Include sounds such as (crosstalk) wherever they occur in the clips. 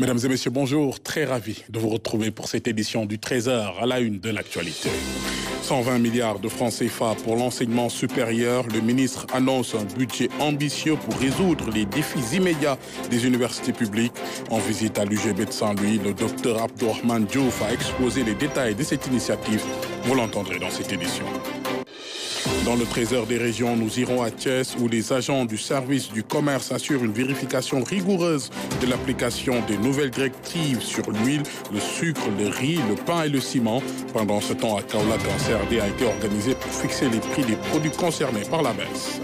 Mesdames et messieurs, bonjour. Très ravi de vous retrouver pour cette édition du 13h à la une de l'actualité. 120 milliards de francs CFA pour l'enseignement supérieur. Le ministre annonce un budget ambitieux pour résoudre les défis immédiats des universités publiques. En visite à l'UGB de Saint-Louis, le docteur Abdourahman Diouf a exposé les détails de cette initiative. Vous l'entendrez dans cette édition. Dans le trésor des régions, nous irons à Thiès où les agents du service du commerce assurent une vérification rigoureuse de l'application des nouvelles directives sur l'huile, le sucre, le riz, le pain et le ciment. Pendant ce temps, à Kaolack, un CRD a été organisé pour fixer les prix des produits concernés par la baisse.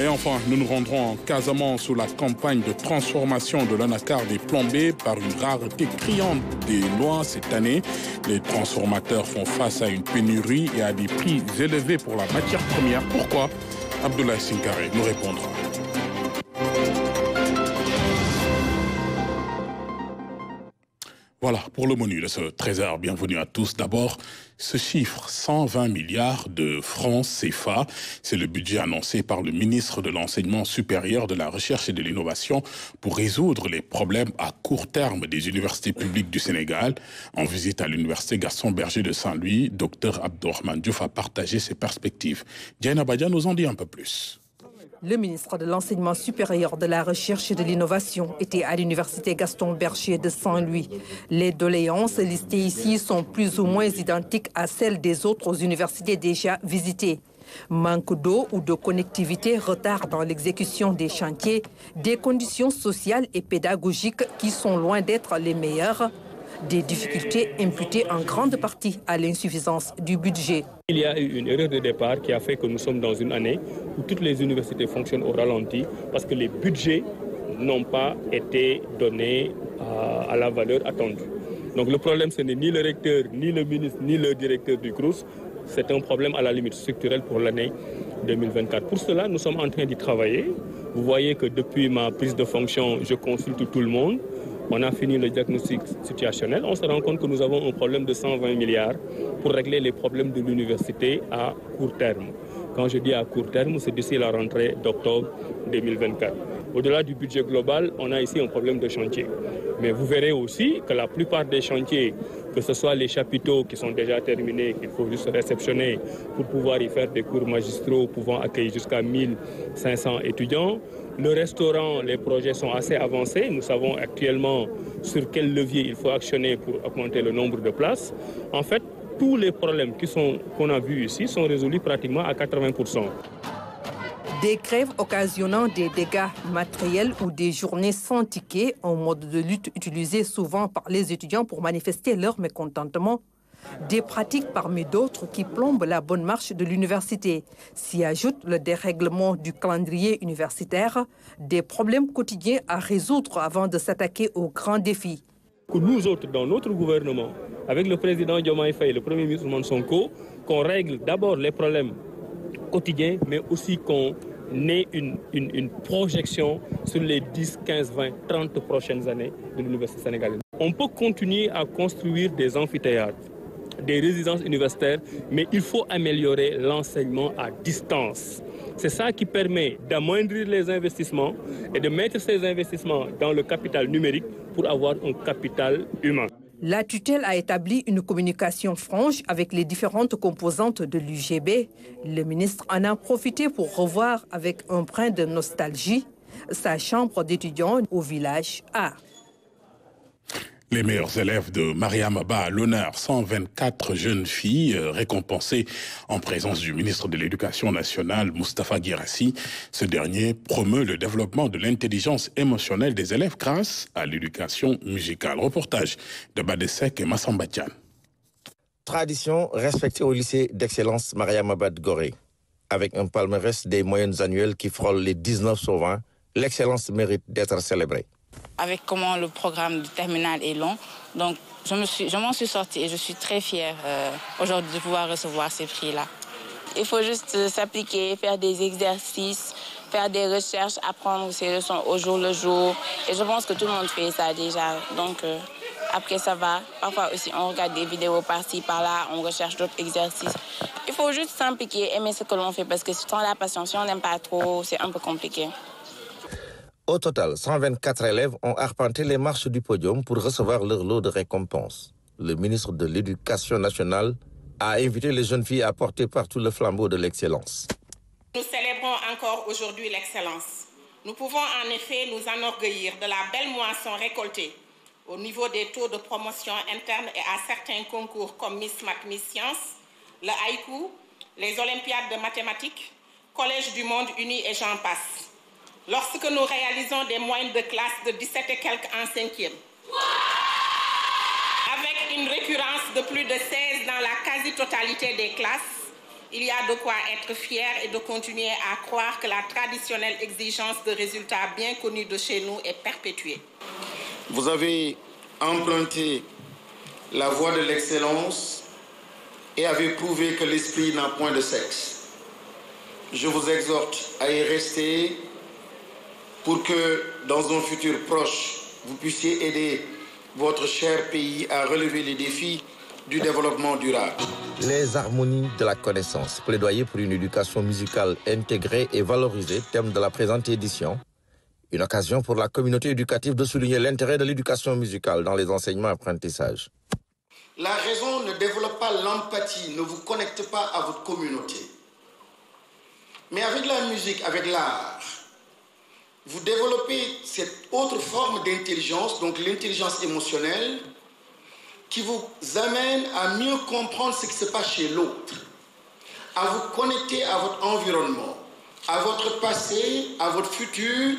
Et enfin, nous nous rendrons en casement sous la campagne de transformation de l'anacar des Plombés par une rareté criante des lois cette année. Les transformateurs font face à une pénurie et à des prix élevés pour la matière première. Pourquoi Abdoulaye Sinkaré nous répondra. Voilà pour le menu de ce trésor. Bienvenue à tous. D'abord, ce chiffre, 120 milliards de francs CFA, c'est le budget annoncé par le ministre de l'Enseignement supérieur, de la Recherche et de l'Innovation pour résoudre les problèmes à court terme des universités publiques du Sénégal. En visite à l'université Gaston Berger de Saint-Louis, Dr Abdourahman Diouf a partagé ses perspectives. Diana Badia nous en dit un peu plus. Le ministre de l'Enseignement supérieur, de la Recherche et de l'Innovation était à l'université Gaston Berger de Saint-Louis. Les doléances listées ici sont plus ou moins identiques à celles des autres universités déjà visitées. Manque d'eau ou de connectivité, retard dans l'exécution des chantiers, des conditions sociales et pédagogiques qui sont loin d'être les meilleures, des difficultés imputées en grande partie à l'insuffisance du budget. Il y a eu une erreur de départ qui a fait que nous sommes dans une année où toutes les universités fonctionnent au ralenti parce que les budgets n'ont pas été donnés à, la valeur attendue. Donc le problème, ce n'est ni le recteur, ni le ministre, ni le directeur du groupe. C'est un problème à la limite structurel pour l'année 2024. Pour cela, nous sommes en train d'y travailler. Vous voyez que depuis ma prise de fonction, je consulte tout le monde. On a fini le diagnostic situationnel. On se rend compte que nous avons un problème de 120 milliards pour régler les problèmes de l'université à court terme. Quand je dis à court terme, c'est d'ici la rentrée d'octobre 2024. Au-delà du budget global, on a ici un problème de chantier. Mais vous verrez aussi que la plupart des chantiers, que ce soit les chapiteaux qui sont déjà terminés, qu'il faut juste réceptionner pour pouvoir y faire des cours magistraux pouvant accueillir jusqu'à 1500 étudiants, le restaurant, les projets sont assez avancés. Nous savons actuellement sur quel levier il faut actionner pour augmenter le nombre de places. En fait, tous les problèmes qu'on a vus ici sont résolus pratiquement à 80%. Des grèves occasionnant des dégâts matériels ou des journées sans ticket, un mode de lutte utilisé souvent par les étudiants pour manifester leur mécontentement. Des pratiques parmi d'autres qui plombent la bonne marche de l'université. S'y ajoute le dérèglement du calendrier universitaire, des problèmes quotidiens à résoudre avant de s'attaquer aux grands défis. Nous autres, dans notre gouvernement, avec le président Diomaye Faye et le premier ministre Sonko, qu'on règle d'abord les problèmes quotidiens, mais aussi qu'on naît une, une, projection sur les 10, 15, 20, 30 prochaines années de l'université sénégalaise. On peut continuer à construire des amphithéâtres, des résidences universitaires, mais il faut améliorer l'enseignement à distance. C'est ça qui permet d'amoindrir les investissements et de mettre ces investissements dans le capital numérique pour avoir un capital humain. La tutelle a établi une communication franche avec les différentes composantes de l'UGB. Le ministre en a profité pour revoir avec un brin de nostalgie sa chambre d'étudiant au village A. Les meilleurs élèves de Mariam Abba à l'honneur, 124 jeunes filles euh, récompensées en présence du ministre de l'Éducation nationale, Mustapha Girassi. Ce dernier promeut le développement de l'intelligence émotionnelle des élèves grâce à l'éducation musicale. Reportage de Badesek et Massambatian. Tradition respectée au lycée d'excellence Mariam Abba de Gorée. Avec un palmarès des moyennes annuelles qui frôle les 19 sur 20, l'excellence mérite d'être célébrée avec comment le programme du terminal est long. Donc, je m'en me suis, suis, sortie et je suis très fière euh, aujourd'hui de pouvoir recevoir ces prix-là. Il faut juste euh, s'appliquer, faire des exercices, faire des recherches, apprendre ses leçons au jour le jour. Et je pense que tout le monde fait ça déjà. Donc, euh, après, ça va. Parfois aussi, on regarde des vidéos par-ci, par-là, on recherche d'autres exercices. Il faut juste s'impliquer, aimer ce que l'on fait, parce que sans la patience, si on n'aime pas trop, c'est un peu compliqué. Au total, 124 élèves ont arpenté les marches du podium pour recevoir leur lot de récompenses. Le ministre de l'Éducation nationale a invité les jeunes filles à porter partout le flambeau de l'excellence. Nous célébrons encore aujourd'hui l'excellence. Nous pouvons en effet nous enorgueillir de la belle moisson récoltée au niveau des taux de promotion interne et à certains concours comme Miss Math, Miss Science, le haïku, les Olympiades de mathématiques, Collège du Monde Uni et j'en passe lorsque nous réalisons des moyennes de classe de 17 et quelques en cinquième. Avec une récurrence de plus de 16 dans la quasi-totalité des classes, il y a de quoi être fier et de continuer à croire que la traditionnelle exigence de résultats bien connus de chez nous est perpétuée. Vous avez emprunté la voie de l'excellence et avez prouvé que l'esprit n'a point de sexe. Je vous exhorte à y rester pour que dans un futur proche, vous puissiez aider votre cher pays à relever les défis du développement durable. Les harmonies de la connaissance, plaidoyer pour une éducation musicale intégrée et valorisée, thème de la présente édition. Une occasion pour la communauté éducative de souligner l'intérêt de l'éducation musicale dans les enseignements apprentissage apprentissages. La raison ne développe pas l'empathie, ne vous connecte pas à votre communauté. Mais avec la musique, avec l'art, vous développez cette autre forme d'intelligence, donc l'intelligence émotionnelle, qui vous amène à mieux comprendre ce qui se passe chez l'autre, à vous connecter à votre environnement, à votre passé, à votre futur,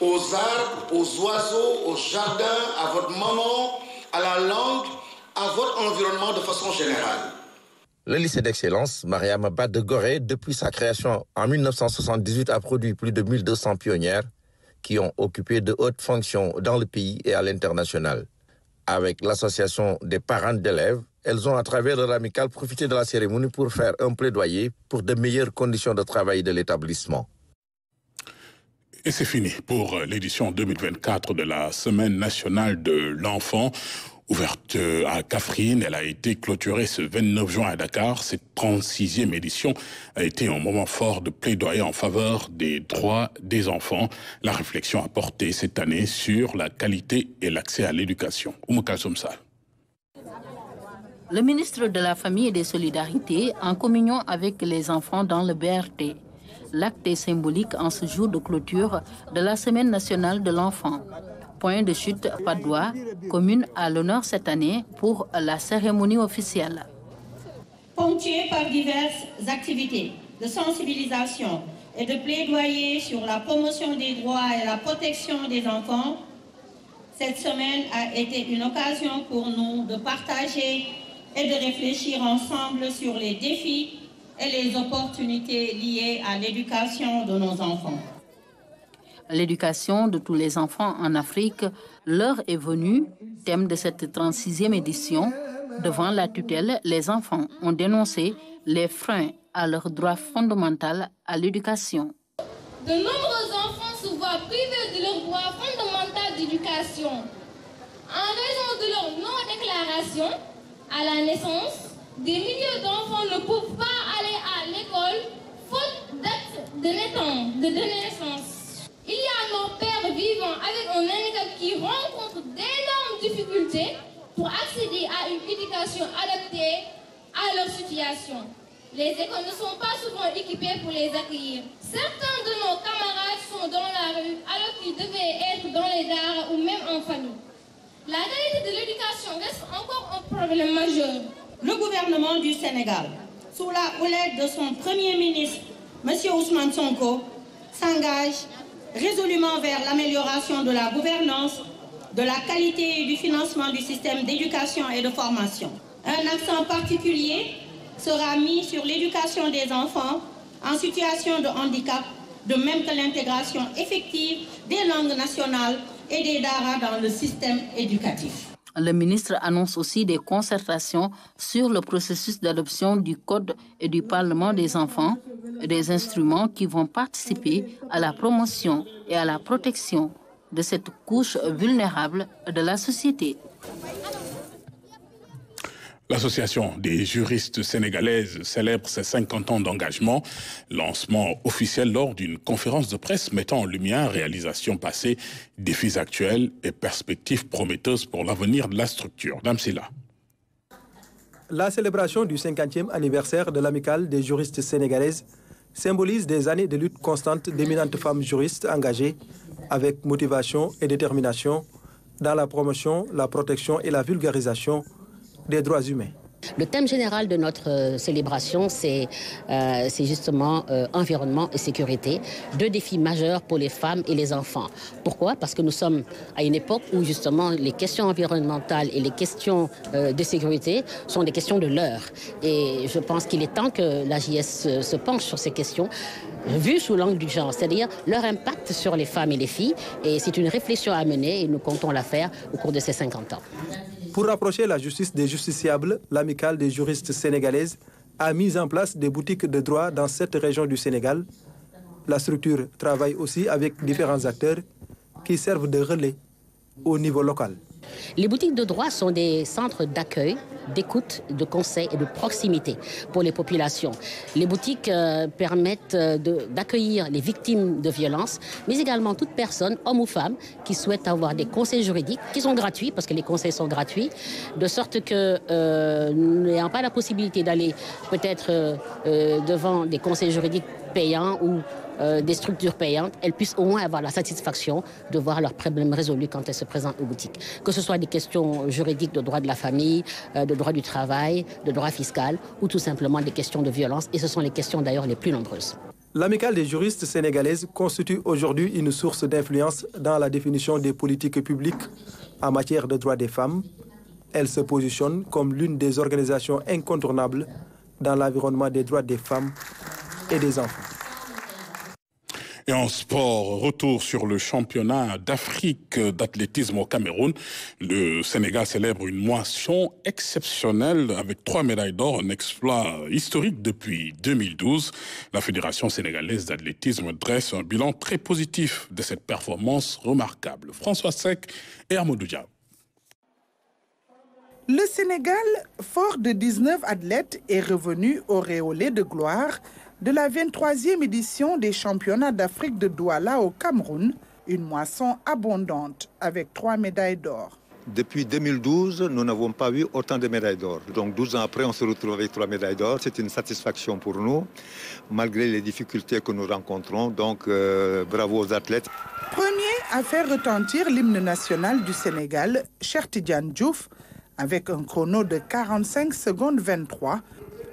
aux arbres, aux oiseaux, aux jardins, à votre maman, à la langue, à votre environnement de façon générale. Le lycée d'excellence Mariam Abad de Gorée, depuis sa création en 1978, a produit plus de 1200 pionnières qui ont occupé de hautes fonctions dans le pays et à l'international. Avec l'association des parents d'élèves, elles ont à travers leur amical profité de la cérémonie pour faire un plaidoyer pour de meilleures conditions de travail de l'établissement. Et c'est fini pour l'édition 2024 de la Semaine nationale de l'enfant. Ouverte à Cafrine, elle a été clôturée ce 29 juin à Dakar. Cette 36e édition a été un moment fort de plaidoyer en faveur des droits des enfants. La réflexion a porté cette année sur la qualité et l'accès à l'éducation. Le ministre de la Famille et des Solidarités, en communion avec les enfants dans le BRT, L'acte est symbolique en ce jour de clôture de la Semaine nationale de l'enfant point de chute Padua, commune à l'honneur cette année pour la cérémonie officielle. Ponctuée par diverses activités de sensibilisation et de plaidoyer sur la promotion des droits et la protection des enfants, cette semaine a été une occasion pour nous de partager et de réfléchir ensemble sur les défis et les opportunités liées à l'éducation de nos enfants. L'éducation de tous les enfants en Afrique, l'heure est venue, thème de cette 36e édition. Devant la tutelle, les enfants ont dénoncé les freins à leur droit fondamental à l'éducation. De nombreux enfants se voient privés de leur droit fondamental d'éducation en raison de leur non-déclaration à la naissance des milliers d'enfants ne peuvent pas aller à l'école faute d'être de naissance vivant avec un handicap qui rencontre d'énormes difficultés pour accéder à une éducation adaptée à leur situation. Les écoles ne sont pas souvent équipées pour les accueillir. Certains de nos camarades sont dans la rue alors qu'ils devaient être dans les arts ou même en famille. La réalité de l'éducation reste encore un problème majeur. Le gouvernement du Sénégal, sous la houlette de son premier ministre, M. Ousmane Sonko, s'engage résolument vers l'amélioration de la gouvernance, de la qualité et du financement du système d'éducation et de formation. Un accent particulier sera mis sur l'éducation des enfants en situation de handicap, de même que l'intégration effective des langues nationales et des DARA dans le système éducatif. Le ministre annonce aussi des concertations sur le processus d'adoption du Code et du Parlement des enfants, des instruments qui vont participer à la promotion et à la protection de cette couche vulnérable de la société. L'association des juristes sénégalaises célèbre ses 50 ans d'engagement, lancement officiel lors d'une conférence de presse mettant en lumière réalisations passées, défis actuels et perspectives prometteuses pour l'avenir de la structure. Silla, La célébration du 50e anniversaire de l'amicale des juristes sénégalaises symbolise des années de lutte constante d'éminentes femmes juristes engagées avec motivation et détermination dans la promotion, la protection et la vulgarisation des droits humains. Le thème général de notre euh, célébration, c'est euh, justement euh, environnement et sécurité, deux défis majeurs pour les femmes et les enfants. Pourquoi Parce que nous sommes à une époque où justement les questions environnementales et les questions de sécurité sont des questions de l'heure. Et je pense qu'il est temps que la se penche sur ces questions vues sous l'angle du genre, c'est-à-dire leur impact sur les femmes et les filles. Et c'est une réflexion à mener et nous comptons la faire au cours de ces 50 ans. Pour rapprocher la justice des justiciables, l'amicale des juristes sénégalaises a mis en place des boutiques de droit dans cette région du Sénégal. La structure travaille aussi avec différents acteurs qui servent de relais au niveau local. Les boutiques de droit sont des centres d'accueil, d'écoute, de conseil et de proximité pour les populations. Les boutiques euh, permettent euh, d'accueillir les victimes de violences, mais également toute personne, homme ou femme, qui souhaite avoir des conseils juridiques, qui sont gratuits, parce que les conseils sont gratuits, de sorte que euh, n'ayant pas la possibilité d'aller peut-être devant des conseils juridiques payants ou euh, des structures payantes, elles puissent au moins avoir la satisfaction de voir leurs problèmes résolus quand elles se présentent aux boutiques. Que ce soit des questions juridiques de droit de la famille, euh, de droit du travail, de droit fiscal, ou tout simplement des questions de violence, et ce sont les questions d'ailleurs les plus nombreuses. L'amicale des juristes sénégalaises constitue aujourd'hui une source d'influence dans la définition des politiques publiques en matière de droits des femmes. Elle se positionne comme l'une des organisations incontournables dans l'environnement des droits des femmes et des enfants. Et en sport, retour sur le championnat d'Afrique d'athlétisme au Cameroun. Le Sénégal célèbre une moisson exceptionnelle avec trois médailles d'or, un exploit historique depuis 2012. La Fédération sénégalaise d'athlétisme dresse un bilan très positif de cette performance remarquable. François Sec et Amadou Diab. Le Sénégal, fort de 19 athlètes, est revenu auréolé de gloire de la 23e édition des championnats d'Afrique de Douala au Cameroun, une moisson abondante avec trois médailles d'or. Depuis 2012, nous n'avons pas eu autant de médailles d'or. Donc 12 ans après, on se retrouve avec trois médailles d'or. C'est une satisfaction pour nous, malgré les difficultés que nous rencontrons. Donc euh, bravo aux athlètes. Premier à faire retentir l'hymne national du Sénégal, Cher avec un chrono de 45 secondes 23,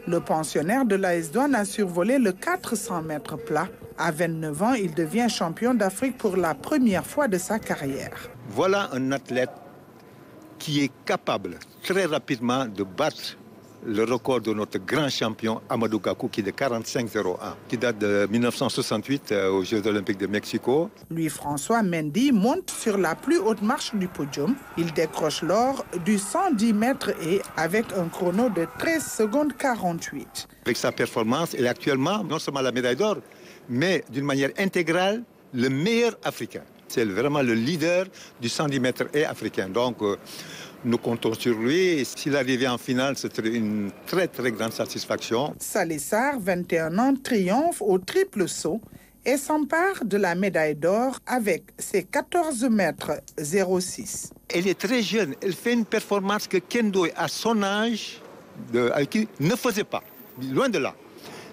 le pensionnaire de la douane a survolé le 400 mètres plat. À 29 ans, il devient champion d'Afrique pour la première fois de sa carrière. Voilà un athlète qui est capable très rapidement de battre le record de notre grand champion Amadou Gakou qui est de 45-01, qui date de 1968 euh, aux Jeux Olympiques de Mexico. lui françois Mendy monte sur la plus haute marche du podium. Il décroche l'or du 110 mètres et avec un chrono de 13 secondes 48. Avec sa performance, il est actuellement non seulement la médaille d'or, mais d'une manière intégrale, le meilleur africain. C'est vraiment le leader du 110 mètres et africain. Donc, euh, nous comptons sur lui. S'il arrivait en finale, ce une très très grande satisfaction. Salissard, 21 ans, triomphe au triple saut et s'empare de la médaille d'or avec ses 14 mètres 06. Elle est très jeune. Elle fait une performance que Kendo à son âge, ne faisait pas. Loin de là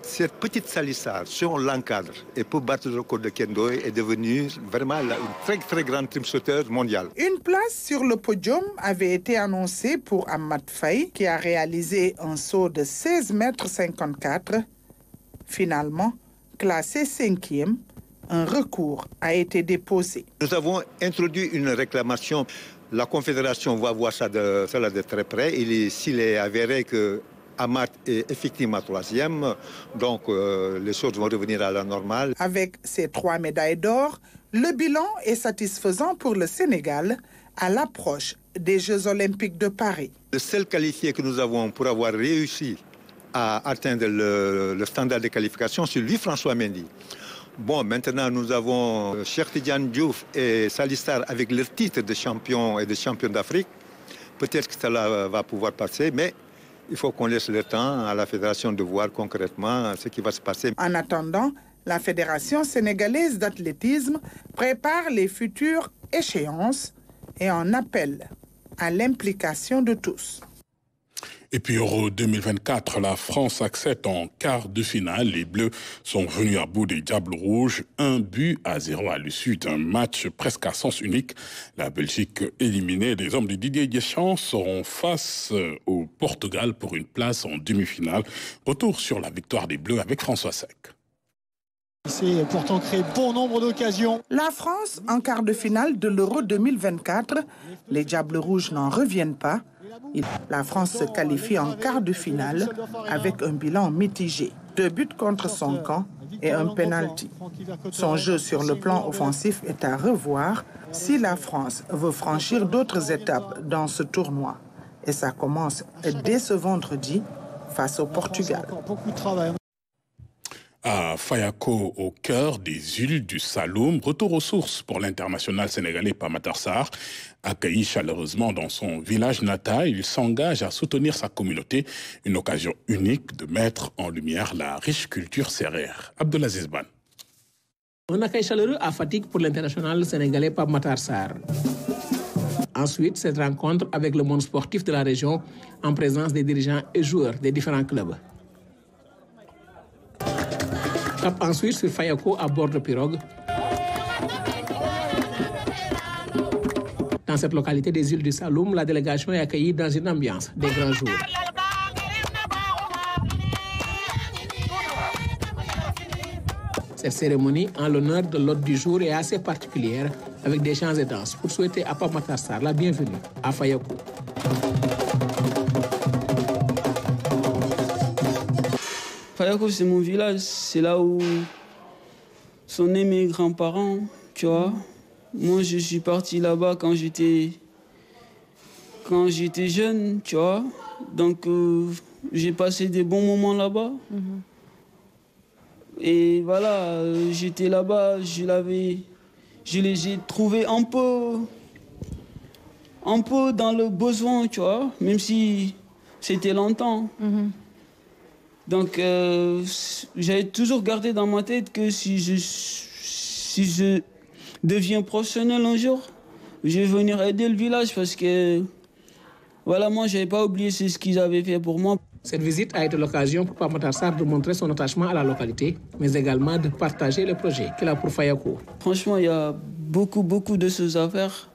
cette petite salissade, si on l'encadre, et pour battre le record de Kendo est devenue vraiment une très très grande team sauteur mondiale. Une place sur le podium avait été annoncée pour Ahmad Faye, qui a réalisé un saut de 16,54 mètres Finalement, classé cinquième, un recours a été déposé. Nous avons introduit une réclamation. La Confédération va voir ça de, cela de très près. S'il est avéré que Amat est effectivement troisième, donc euh, les choses vont revenir à la normale. Avec ces trois médailles d'or, le bilan est satisfaisant pour le Sénégal à l'approche des Jeux olympiques de Paris. Le seul qualifié que nous avons pour avoir réussi à atteindre le, standard de qualification, c'est lui, François Mendy. Bon, maintenant, nous avons euh, Cheikh Diouf et Salistar avec leur titre de champion et de champion d'Afrique. Peut-être que cela va pouvoir passer, mais il faut qu'on laisse le temps à la fédération de voir concrètement ce qui va se passer. En attendant, la Fédération sénégalaise d'athlétisme prépare les futures échéances et en appelle à l'implication de tous. Et puis Euro 2024, la France accepte en quart de finale. Les Bleus sont venus à bout des Diables Rouges, un but à zéro à l'issue d'un match presque à sens unique. La Belgique éliminée, les hommes de Didier Deschamps seront face euh, au Portugal pour une place en demi-finale. Retour sur la victoire des Bleus avec François Sec. C'est pourtant créé bon nombre d'occasions. La France en quart de finale de l'Euro 2024. Les Diables Rouges n'en reviennent pas. La France se qualifie en quart de finale avec un bilan mitigé. Deux buts contre son camp et un penalty. Son jeu sur le plan offensif est à revoir si la France veut franchir d'autres étapes dans ce tournoi. Et ça commence dès ce vendredi face au Portugal à Fayako, au cœur des îles du Saloum. Retour aux sources pour l'international sénégalais Pamatarsar. Accueilli chaleureusement dans son village natal, il s'engage à soutenir sa communauté, une occasion unique de mettre en lumière la riche culture serrère. Abdelaziz Ban. Un accueil chaleureux à fatigue pour l'international sénégalais Pamatarsar. Ensuite, cette rencontre avec le monde sportif de la région en présence des dirigeants et joueurs des différents clubs ensuite sur Fayako à bord de pirogue. Dans cette localité des îles du Saloum, la délégation est accueillie dans une ambiance des grands jours. Cette cérémonie en l'honneur de l'autre du jour est assez particulière avec des chants et danses pour souhaiter à matassar la bienvenue à Fayako. Fayako c'est mon village. C'est là où sont nés mes grands-parents, tu vois. Moi, je suis parti là-bas quand j'étais quand j'étais jeune, tu vois. Donc, euh, j'ai passé des bons moments là-bas. Mhm. Et voilà, euh, j'étais là-bas, je l'avais, je les ai trouvés un peu, un peu dans le besoin, tu vois. Même si c'était longtemps. Mhm. Donc, euh, j'ai j'avais toujours gardé dans ma tête que si je, si je deviens professionnel un jour, je vais venir aider le village parce que, voilà, moi, j'avais pas oublié ce qu'ils avaient fait pour moi. Cette visite a été l'occasion pour Papa Pamatarsar de montrer son attachement à la localité, mais également de partager le projet qu'il a pour Fayako. Franchement, il y a beaucoup, beaucoup de choses à faire.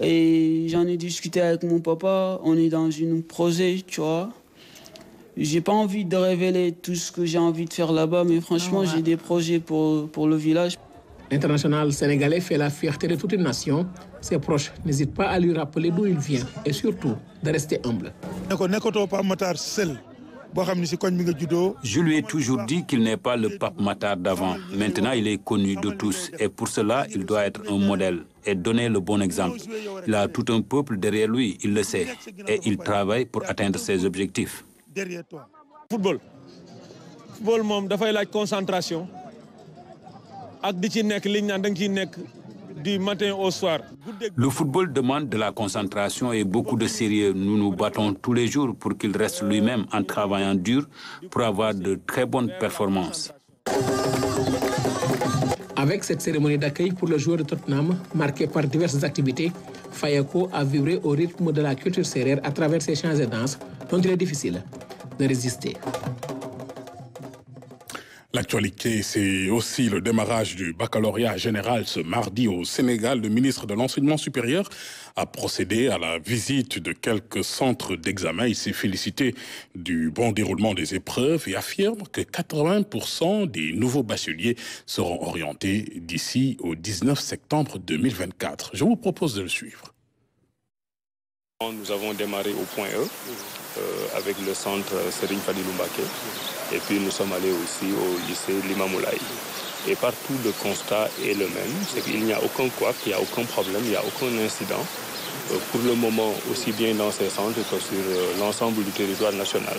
Et j'en ai discuté avec mon papa. On est dans un projet, tu vois j'ai pas envie de révéler tout ce que j'ai envie de faire là-bas, mais franchement, j'ai des projets pour, pour le village. L'international sénégalais fait la fierté de toute une nation. Ses proches n'hésitent pas à lui rappeler d'où il vient et surtout de rester humble. Je lui ai toujours dit qu'il n'est pas le pape Matar d'avant. Maintenant, il est connu de tous et pour cela, il doit être un modèle et donner le bon exemple. Il a tout un peuple derrière lui, il le sait, et il travaille pour atteindre ses objectifs football football Le football demande de la concentration et beaucoup de sérieux. Nous nous battons tous les jours pour qu'il reste lui-même en travaillant dur pour avoir de très bonnes performances. Avec cette cérémonie d'accueil pour le joueur de Tottenham, marquée par diverses activités, Fayako a vibré au rythme de la culture serrère à travers ses chants et danses dont il est difficile de résister. L'actualité, c'est aussi le démarrage du baccalauréat général ce mardi au Sénégal. Le ministre de l'Enseignement supérieur a procédé à la visite de quelques centres d'examen. Il s'est félicité du bon déroulement des épreuves et affirme que 80% des nouveaux bacheliers seront orientés d'ici au 19 septembre 2024. Je vous propose de le suivre. Nous avons démarré au point E euh, avec le centre Serigne Fadilou Et puis nous sommes allés aussi au lycée Limamoulaï Et partout, le constat est le même, c'est qu'il n'y a aucun quoi, il n'y a aucun problème, il n'y a aucun incident. Euh, pour le moment, aussi bien dans ces centres que sur euh, l'ensemble du territoire national.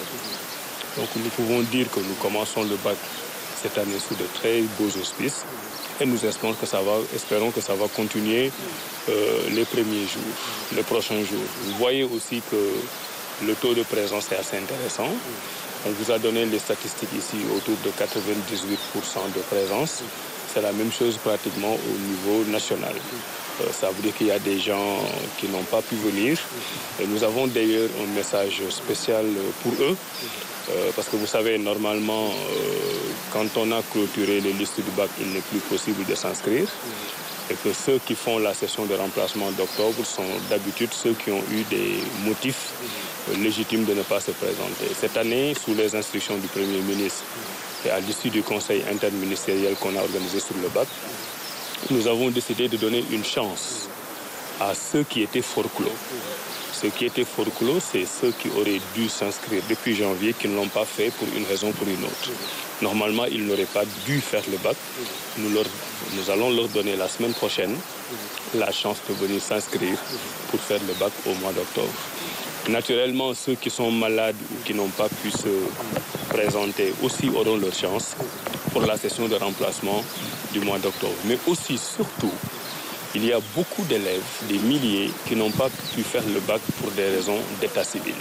Donc nous pouvons dire que nous commençons le bac cette année sous de très beaux auspices et nous espérons que ça va, espérons que ça va continuer les premiers jours, les prochains jours. Vous voyez aussi que le taux de présence est assez intéressant. On vous a donné les statistiques ici autour de 98% de présence. C'est la même chose pratiquement au niveau national. Euh, ça veut dire qu'il y a des gens qui n'ont pas pu venir. Et nous avons d'ailleurs un message spécial pour eux. Euh, parce que vous savez, normalement, euh, quand on a clôturé les listes du bac, il n'est plus possible de s'inscrire et que ceux qui font la session de remplacement d'octobre sont d'habitude ceux qui ont eu des motifs légitimes de ne pas se présenter. Cette année, sous les instructions du Premier ministre et à l'issue du conseil interministériel qu'on a organisé sur le BAC, nous avons décidé de donner une chance à ceux qui étaient forclos ce qui était fort c'est ceux qui auraient dû s'inscrire depuis janvier, qui ne l'ont pas fait pour une raison ou pour une autre. Normalement, ils n'auraient pas dû faire le bac. Nous, leur, nous allons leur donner la semaine prochaine la chance de venir s'inscrire pour faire le bac au mois d'octobre. Naturellement, ceux qui sont malades ou qui n'ont pas pu se présenter aussi auront leur chance pour la session de remplacement du mois d'octobre. Mais aussi, surtout, il y a beaucoup d'élèves, des milliers, qui n'ont pas pu faire le bac pour des raisons d'état civil.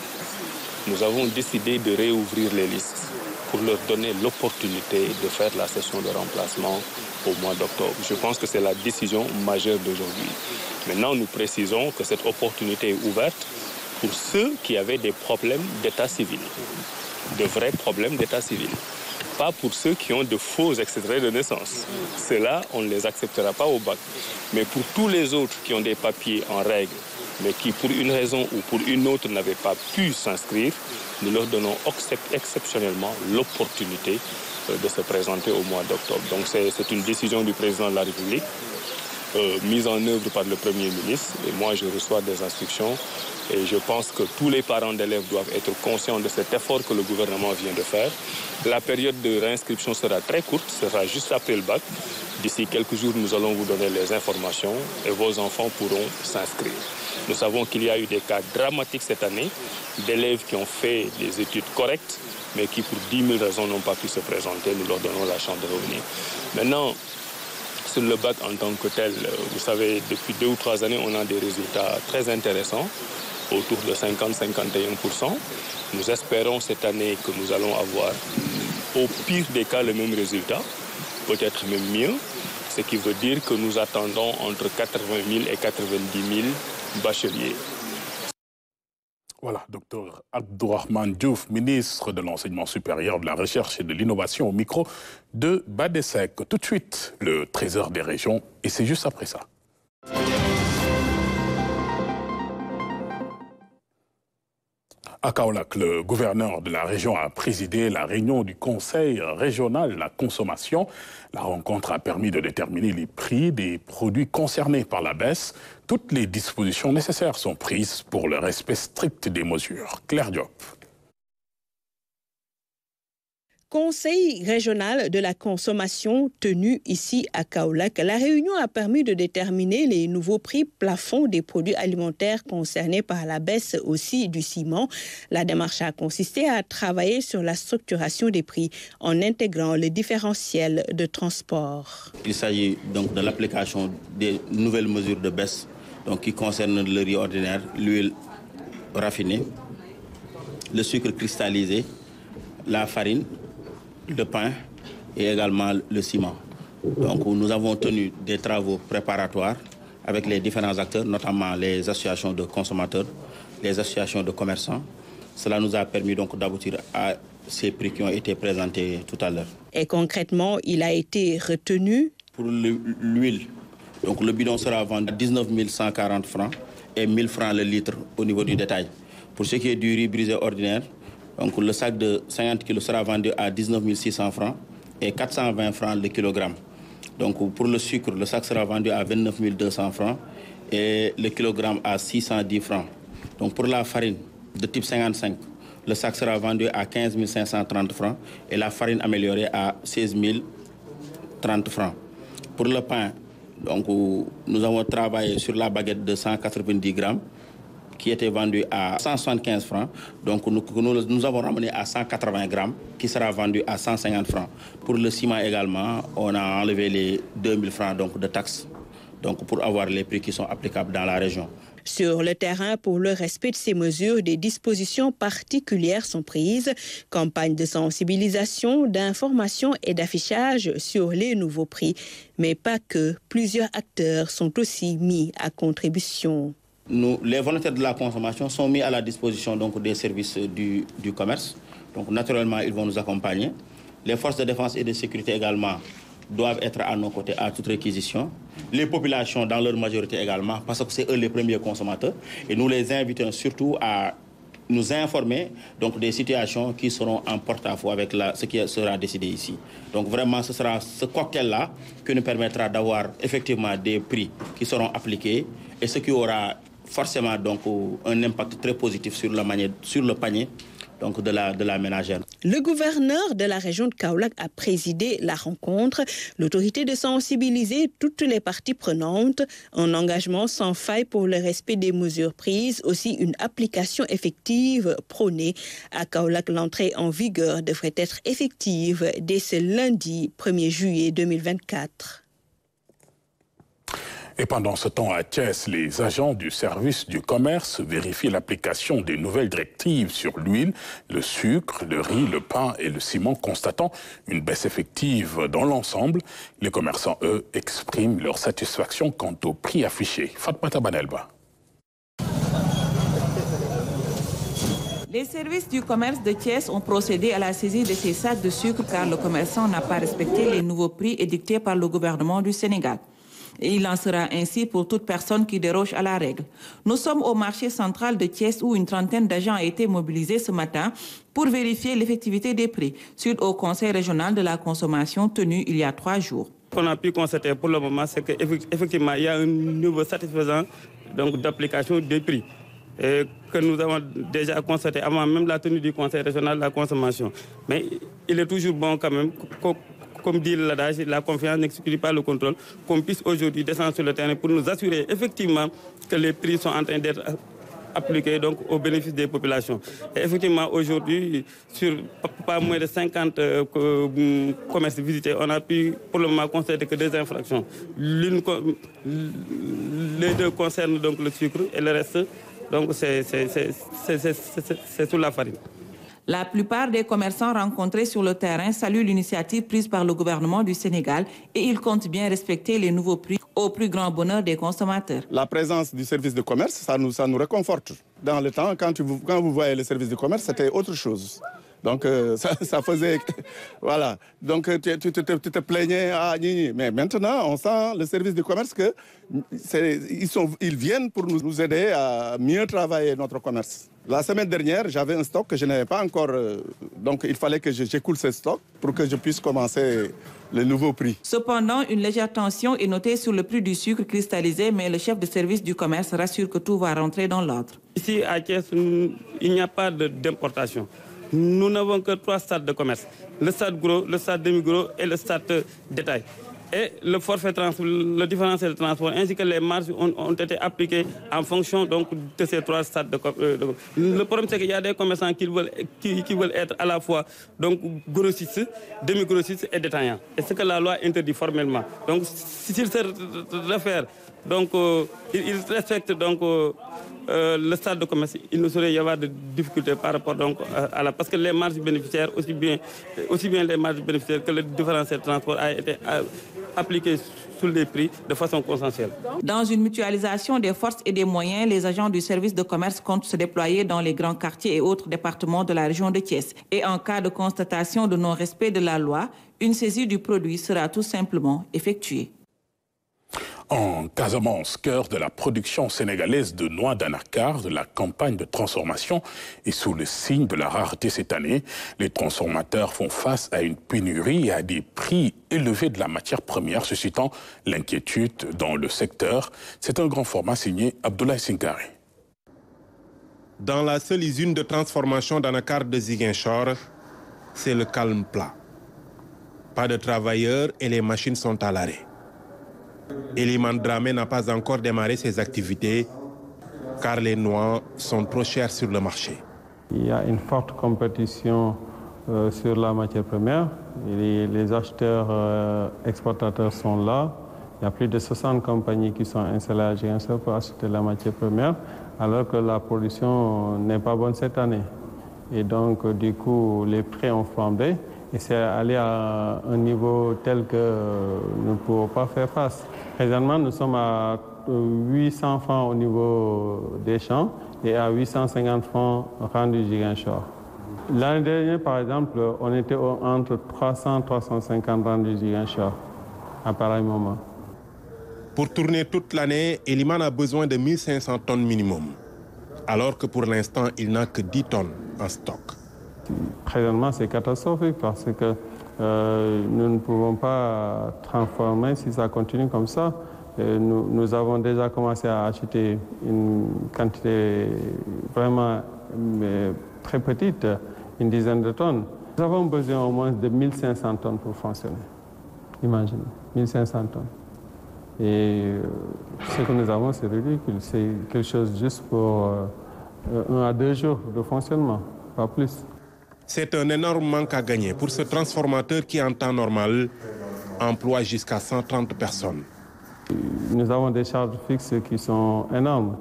Nous avons décidé de réouvrir les listes pour leur donner l'opportunité de faire la session de remplacement au mois d'octobre. Je pense que c'est la décision majeure d'aujourd'hui. Maintenant, nous précisons que cette opportunité est ouverte pour ceux qui avaient des problèmes d'état civil, de vrais problèmes d'état civil pas pour ceux qui ont de faux extraits de naissance. Cela, on ne les acceptera pas au bac. Mais pour tous les autres qui ont des papiers en règle, mais qui pour une raison ou pour une autre n'avaient pas pu s'inscrire, nous leur donnons exceptionnellement l'opportunité euh, de se présenter au mois d'octobre. Donc c'est une décision du président de la République euh, mise en œuvre par le Premier ministre. Et moi, je reçois des instructions et je pense que tous les parents d'élèves doivent être conscients de cet effort que le gouvernement vient de faire. La période de réinscription sera très courte, sera juste après le bac. D'ici quelques jours, nous allons vous donner les informations et vos enfants pourront s'inscrire. Nous savons qu'il y a eu des cas dramatiques cette année d'élèves qui ont fait des études correctes, mais qui pour 10 000 raisons n'ont pas pu se présenter. Nous leur donnons la chance de revenir. Maintenant, sur le bac en tant que tel, euh, vous savez, depuis deux ou trois années, on a des résultats très intéressants, autour de 50-51%. Nous espérons cette année que nous allons avoir, au pire des cas, le même résultat, peut-être même mieux, ce qui veut dire que nous attendons entre 80 000 et 90 000 bacheliers. Voilà, docteur Abdourahman Diouf, ministre de l'Enseignement supérieur, de la Recherche et de l'Innovation au micro de Badessec. Tout de suite, le trésor des régions, et c'est juste après ça. À Kaolac, le gouverneur de la région a présidé la réunion du Conseil régional de la consommation. La rencontre a permis de déterminer les prix des produits concernés par la baisse. Toutes les dispositions nécessaires sont prises pour le respect strict des mesures. Claire Diop. Conseil régional de la consommation tenu ici à Kaolac, la réunion a permis de déterminer les nouveaux prix plafonds des produits alimentaires concernés par la baisse aussi du ciment. La démarche a consisté à travailler sur la structuration des prix en intégrant les différentiels de transport. Il s'agit donc de l'application des nouvelles mesures de baisse donc qui concernent le riz ordinaire, l'huile raffinée, le sucre cristallisé, la farine le pain et également le ciment. Donc nous avons tenu des travaux préparatoires avec les différents acteurs, notamment les associations de consommateurs, les associations de commerçants. Cela nous a permis donc d'aboutir à ces prix qui ont été présentés tout à l'heure. Et concrètement, il a été retenu Pour l'huile, donc le bidon sera vendu à 19 140 francs et 1000 francs le litre au niveau du détail. Pour ce qui est du riz brisé ordinaire, donc le sac de 50 kg sera vendu à 19 600 francs et 420 francs le kilogramme. Donc pour le sucre, le sac sera vendu à 29 200 francs et le kilogramme à 610 francs. Donc pour la farine de type 55, le sac sera vendu à 15 530 francs et la farine améliorée à 16 30 francs. Pour le pain, donc, nous avons travaillé sur la baguette de 190 grammes qui était vendu à 175 francs, donc nous, nous, avons ramené à 180 grammes, qui sera vendu à 150 francs. Pour le ciment également, on a enlevé les 2000 francs donc, de taxes, donc pour avoir les prix qui sont applicables dans la région. Sur le terrain, pour le respect de ces mesures, des dispositions particulières sont prises. Campagne de sensibilisation, d'information et d'affichage sur les nouveaux prix. Mais pas que, plusieurs acteurs sont aussi mis à contribution les volontaires de la consommation sont mis à la disposition donc, des services du, du, commerce. Donc naturellement, ils vont nous accompagner. Les forces de défense et de sécurité également doivent être à nos côtés à toute réquisition. Les populations dans leur majorité également, parce que c'est eux les premiers consommateurs. Et nous les invitons surtout à nous informer donc, des situations qui seront en porte-à-faux avec la, ce qui sera décidé ici. Donc vraiment, ce sera ce cocktail-là qui nous permettra d'avoir effectivement des prix qui seront appliqués et ce qui aura forcément donc un impact très positif sur, le panier donc de la, ménagère. Le gouverneur de la région de Kaolac a présidé la rencontre. L'autorité de sensibiliser toutes les parties prenantes, un engagement sans faille pour le respect des mesures prises, aussi une application effective prônée. À Kaolack, l'entrée en vigueur devrait être effective dès ce lundi 1er juillet 2024. Et pendant ce temps, à Thiès, les agents du service du commerce vérifient l'application des nouvelles directives sur l'huile, le sucre, le riz, le pain et le ciment, constatant une baisse effective dans l'ensemble. Les commerçants, eux, expriment leur satisfaction quant au prix affiché. Fatma Banelba. Les services du commerce de Thiès ont procédé à la saisie de ces sacs de sucre car le commerçant n'a pas respecté les nouveaux prix édictés par le gouvernement du Sénégal. Et il en sera ainsi pour toute personne qui déroge à la règle. Nous sommes au marché central de Thiès où une trentaine d'agents a été mobilisés ce matin pour vérifier l'effectivité des prix, suite au Conseil régional de la consommation tenu il y a trois jours. Ce qu'on a pu constater pour le moment, c'est qu'effectivement, il y a un niveau satisfaisant d'application des prix. que nous avons déjà constaté avant même la tenue du Conseil régional de la consommation. Mais il est toujours bon quand même comme dit l'adage, la confiance n'exclut pas le contrôle, qu'on puisse aujourd'hui descendre sur le terrain pour nous assurer effectivement que les prix sont en train d'être appliqués donc au bénéfice des populations. effectivement, aujourd'hui, sur pas moins de 50 euh, euh, commerces visités, on a pu pour le moment constater que deux infractions. L'une, les deux concernent donc le sucre et le reste, donc c'est sous la farine. La plupart des commerçants rencontrés sur le terrain saluent l'initiative prise par le gouvernement du Sénégal et ils comptent bien respecter les nouveaux prix au plus grand bonheur des consommateurs. La présence du service de commerce, ça nous, ça réconforte. Dans le temps, quand, vous, voyez le service de commerce, c'était autre chose. Donc, euh, (laughs) ça, faisait. voilà. Donc, euh, tu, te plaignais à ah, Mais maintenant, on sent le service de commerce que ils, viennent pour nous aider à mieux travailler notre commerce. La semaine dernière, j'avais un stock que je n'avais pas encore. Euh, donc, il fallait que j'écoule ce stock pour que je puisse commencer le nouveau prix. Cependant, une légère tension est notée sur le prix du sucre cristallisé, mais le chef de service du commerce rassure que tout va rentrer dans l'ordre. Ici, à Kies, il n'y a pas d'importation. Nous n'avons que trois stades de commerce le stade gros, le stade demi-gros et le stade détail et le forfait le différentiel de transport ainsi que les marges ont, été appliquées en fonction de ces trois stades de, euh, le problème c'est qu'il y a des commerçants qui veulent qui, veulent être à la fois donc grossistes demi grossistes et détaillants et ce que la loi interdit formellement donc s'ils se réfèrent donc, euh, il respecte donc, euh, euh, le stade de commerce. Il ne saurait y avoir de difficultés par rapport à, la... Parce que les marges bénéficiaires, aussi bien, aussi bien les marges bénéficiaires que le différentiel de transport a été appliquées appliqué sur les prix de façon consensuelle. Dans une mutualisation des forces et des moyens, les agents du service de commerce comptent se déployer dans les grands quartiers et autres départements de la région de Thiès. Et en cas de constatation de non-respect de la loi, une saisie du produit sera tout simplement effectuée en Casamance, cœur de la production sénégalaise de noix de la campagne de transformation est sous le signe de la rareté cette année. Les transformateurs font face à une pénurie et à des prix élevés de la matière première, suscitant l'inquiétude dans le secteur. C'est un grand format signé Abdoulaye Sinkari. Dans la seule usine de transformation d'Anakar de Ziguinchor, c'est le calme plat. Pas de travailleurs et les machines sont à l'arrêt. Elimandramé n'a pas encore démarré ses activités car les noix sont trop chères sur le marché. Il y a une forte compétition euh, sur la matière première. Les, acheteurs euh, exportateurs sont là. Il y a plus de 60 compagnies qui sont installées à GNC pour acheter la matière première, alors que la production n'est pas bonne cette année. Et donc, euh, du coup, les prix ont flambé et c'est allé à un niveau tel que nous ne pouvons pas faire face. Présentement, nous sommes à 800 francs au niveau des champs et à 850 francs rang du Giganshore. L'année dernière, par exemple, on était entre 300 et 350 du Giganshore à pareil moment. Pour tourner toute l'année, Eliman a besoin de 1500 tonnes minimum, alors que pour l'instant, il n'a que 10 tonnes en stock. Présentement, c'est catastrophique parce que euh, nous ne pouvons pas transformer si ça continue comme ça. Nous, avons déjà commencé à acheter une quantité vraiment très petite, une dizaine de tonnes. Nous avons besoin au moins de 1500 tonnes pour fonctionner. Imaginez, 1500 tonnes. Et euh, ce que nous avons, c'est ridicule. C'est quelque chose juste pour euh, un à deux jours de fonctionnement, pas plus. C'est un énorme manque à gagner pour ce transformateur qui, en temps normal, emploie jusqu'à 130 personnes. Nous avons des charges fixes qui sont énormes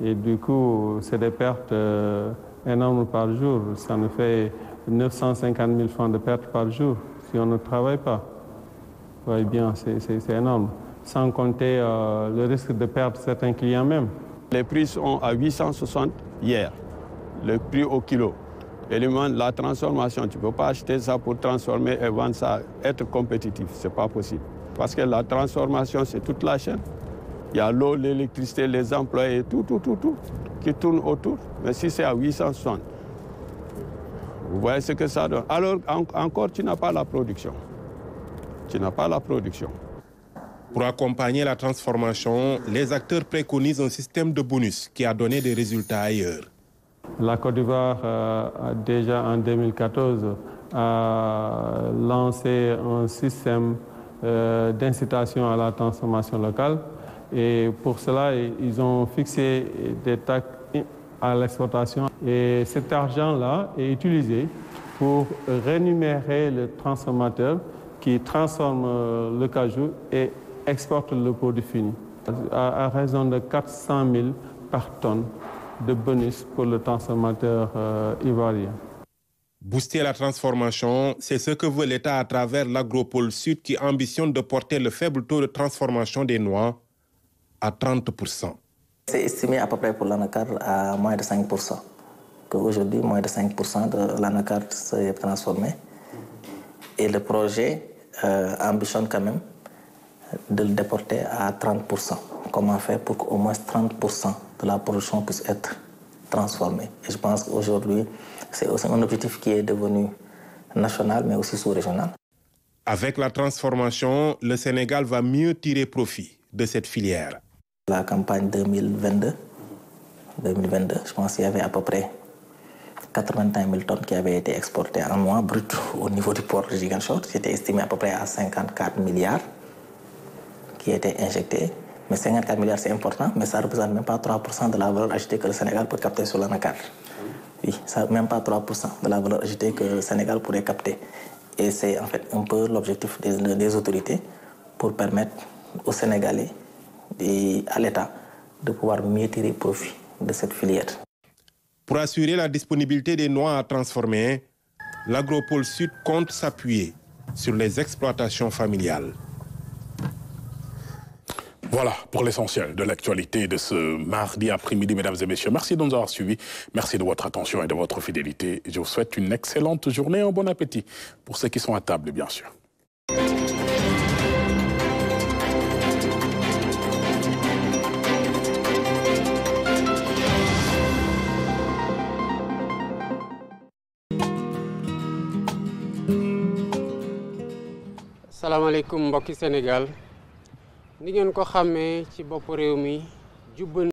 et du coup, c'est des pertes euh, énormes par jour. Ça nous fait 950 000 francs de pertes par jour si on ne travaille pas. Vous voyez bien, c'est énorme. Sans compter euh, le risque de perdre certains clients même. Les prix sont à 860 hier, le prix au kilo le la transformation. Tu ne peux pas acheter ça pour transformer et vendre ça, être compétitif. Ce n'est pas possible. Parce que la transformation, c'est toute la chaîne. Il y a l'eau, l'électricité, les employés, tout, tout, tout, tout, qui tourne autour. Mais si c'est à 860, vous voyez ce que ça donne. Alors encore, tu n'as pas la production. Tu n'as pas la production. Pour accompagner la transformation, les acteurs préconisent un système de bonus qui a donné des résultats ailleurs. La Côte d'Ivoire, euh, déjà en 2014, a lancé un système euh, d'incitation à la transformation locale. Et pour cela, ils ont fixé des taxes à l'exportation. Et cet argent-là est utilisé pour rémunérer le transformateurs qui transforme euh, le cajou et exporte le produit fini à, raison de 400 000 par tonne de bonus pour le transformateur euh, Booster la transformation, c'est ce que veut l'État à travers l'agropole sud qui ambitionne de porter le faible taux de transformation des noix à 30%. C'est estimé à peu près pour l'anacar à moins de 5%. Aujourd'hui, moins de 5% de l'anacar s'est transformé. Et le projet euh, ambitionne quand même de le déporter à 30% comment faire pour qu'au moins 30% de la production puisse être transformée. Et je pense qu'aujourd'hui, c'est aussi un objectif qui est devenu national, mais aussi sous-régional. Avec la transformation, le Sénégal va mieux tirer profit de cette filière. La campagne 2022, 2022 je pense qu'il y avait à peu près 81 000 tonnes qui avaient été exportées en mois brut au niveau du port de qui C'était estimé à peu près à 54 milliards qui étaient injectés mais 54 milliards, c'est important, mais ça ne représente même pas 3% de la valeur ajoutée que le Sénégal peut capter sur l'anacarde. Oui, ça même pas 3% de la valeur ajoutée que le Sénégal pourrait capter. Et c'est en fait un peu l'objectif des, autorités pour permettre aux Sénégalais et à l'État de pouvoir mieux tirer profit de cette filière. Pour assurer la disponibilité des noix à transformer, l'Agropole Sud compte s'appuyer sur les exploitations familiales. Voilà pour l'essentiel de l'actualité de ce mardi après-midi, mesdames et messieurs. Merci de nous avoir suivis. Merci de votre attention et de votre fidélité. Je vous souhaite une excellente journée et un bon appétit pour ceux qui sont à table, bien sûr. Sénégal ni ngeen ko xàmmee ci bopp réew mi jubban